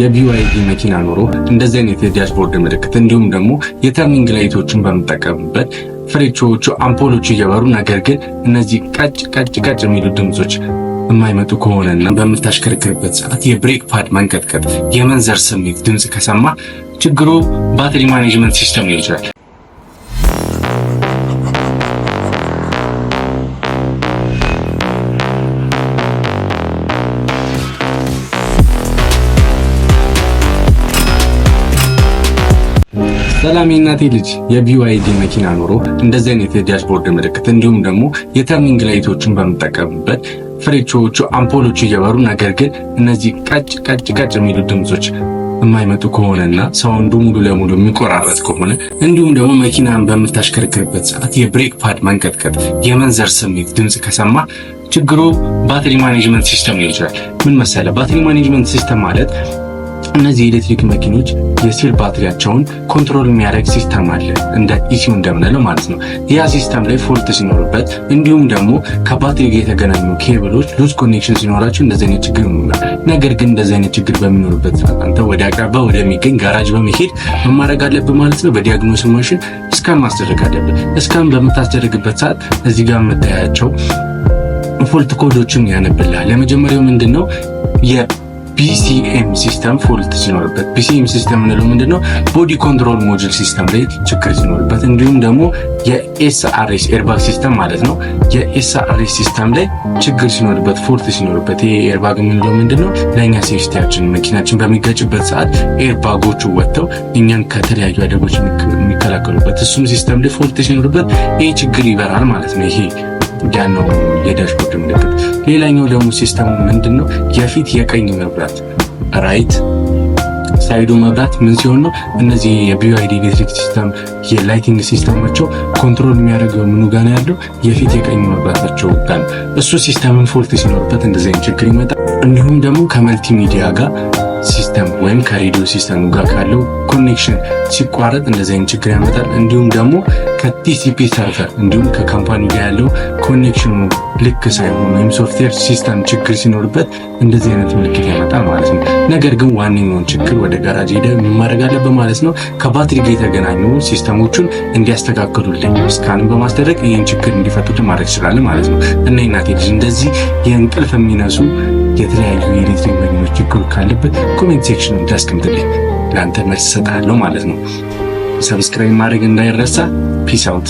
የቢዋይዲ መኪና ኖሮ እንደዚህ አይነት የዳሽቦርድ ምልክት እንዲሁም ደግሞ የተርኒንግ ላይቶችን በምጠቀምበት ፍሬቾቹ አምፖሎቹ እየበሩ ነገር ግን እነዚህ ቀጭ ቀጭ ቀጭ የሚሉ ድምጾች የማይመጡ ከሆነና በምታሽከረክርበት ሰዓት የብሬክ ፓድ መንቀጥቀጥ፣ የመንዘር ስሜት ድምፅ ከሰማ ችግሩ ባትሪ ማኔጅመንት ሲስተም ይችላል። ሰላም የእናቴ ልጅ የቢዋይዲ መኪና ኖሮ እንደዚህ አይነት የዳሽቦርድ ምልክት እንዲሁም ደግሞ የተርኒንግ ላይቶችን በምጠቀምበት ፍሬቾቹ አምፖሎቹ እየበሩ ነገር ግን እነዚህ ቀጭ ቀጭ ቀጭ የሚሉ ድምጾች የማይመጡ ከሆነና ሳውንዱ ሙሉ ለሙሉ የሚቆራረጥ ከሆነ እንዲሁም ደግሞ መኪናን በምታሽከረክርበት ሰዓት የብሬክ ፓድ መንቀጥቀጥ፣ የመንዘር ስሜት ድምፅ ከሰማ ችግሩ ባትሪ ማኔጅመንት ሲስተም ሊሆን ይችላል። ምን መሰለ ባትሪ ማኔጅመንት ሲስተም ማለት እነዚህ የኤሌክትሪክ መኪኖች የሴል ባትሪያቸውን ኮንትሮል የሚያደርግ ሲስተም አለ፣ እንደ ኢሲዩ እንደምንለው ማለት ነው። ያ ሲስተም ላይ ፎልት ሲኖርበት እንዲሁም ደግሞ ከባትሪ ጋር የተገናኙ ኬብሎች ሉዝ ኮኔክሽን ሲኖራቸው እንደዚህ አይነት ችግር ይኖራል። ነገር ግን እንደዚህ አይነት ችግር በሚኖርበት አንተ ወደ አቅራቢያ ወደሚገኝ ጋራጅ በመሄድ መማድረግ አለብ ማለት ነው። በዲያግኖስ ማሽን እስካን ማስደረግ አለብህ። እስካን በምታስደረግበት ሰዓት እዚህ ጋር የምታያቸው ፎልት ኮዶችን ያነብልሃል። ለመጀመሪያው ምንድን ነው ቢሲኤም ሲስተም ፎልት ሲኖርበት፣ ቢሲኤም ሲስተም የምንለው ምንድን ነው? ቦዲ ኮንትሮል ሞጁል ሲስተም ላይ ችግር ሲኖርበት፣ እንዲሁም ደግሞ የኤስአርኤስ ኤርባግ ሲስተም ማለት ነው። የኤስአርኤስ ሲስተም ላይ ችግር ሲኖርበት፣ ፎልት ሲኖርበት፣ ይሄ ኤርባግ የምንለው ምንድን ነው? ለእኛ ሴፍቲያችን መኪናችን በሚገጭበት ሰዓት ኤርባጎቹ ወጥተው እኛን ከተለያዩ አደጎች የሚከላከሉበት እሱም ሲስተም ላይ ፎልት ሲኖርበት፣ ይህ ችግር ይበራል ማለት ነው ይሄ ያነው የዳሽቦርድ ምልክት። ሌላኛው ደግሞ ሲስተሙ ምንድን ነው? የፊት የቀኝ መብራት ራይት ሳይዱ መብራት ምን ሲሆን ነው? እነዚህ የቢዩአይዲ ኤሌክትሪክ ሲስተም የላይቲንግ ሲስተማቸው ኮንትሮል የሚያደርገው ምኑ ጋ ነው ያለው? የፊት የቀኝ መብራታቸው ጋር። እሱ ሲስተምን ፎልት ሲኖርበት እንደዚህ አይነት ችግር ይመጣል። እንዲሁም ደግሞ ከመልቲሚዲያ ጋር ሲስተም ወይም ከሬዲዮ ሲስተሙ ጋር ካለው ኮኔክሽን ሲቋረጥ እንደዚህ አይነት ችግር ያመጣል። እንዲሁም ደግሞ ከቲሲፒ ሰርቨር እንዲሁም ከካምፓኒ ጋር ያለው ኮኔክሽኑ ልክ ሳይሆን ወይም ሶፍትዌር ሲስተም ችግር ሲኖርበት እንደዚህ አይነት ምልክት ያመጣል ማለት ነው። ነገር ግን ዋነኛውን ችግር ወደ ጋራጅ ሄደ ማድረግ አለበት ማለት ነው። ከባትሪ ጋር የተገናኙ ሲስተሞቹን እንዲያስተካክሉልኝ ስካንም በማስደረግ ይህን ችግር እንዲፈቱት ማድረግ ይችላል ማለት ነው። እና ይናቴ ልጅ እንደዚህ የእንቅልፍ የሚነሱ የተለያዩ የኤሌክትሪክ መኪኖች ችግሩ ካለበት ኮሜንት ሴክሽን እንዳስቀምጥልኝ ለአንተ መልስ እሰጥሃለሁ ማለት ነው። ሰብስክራይብ ማድረግ እንዳይረሳ። Peace out.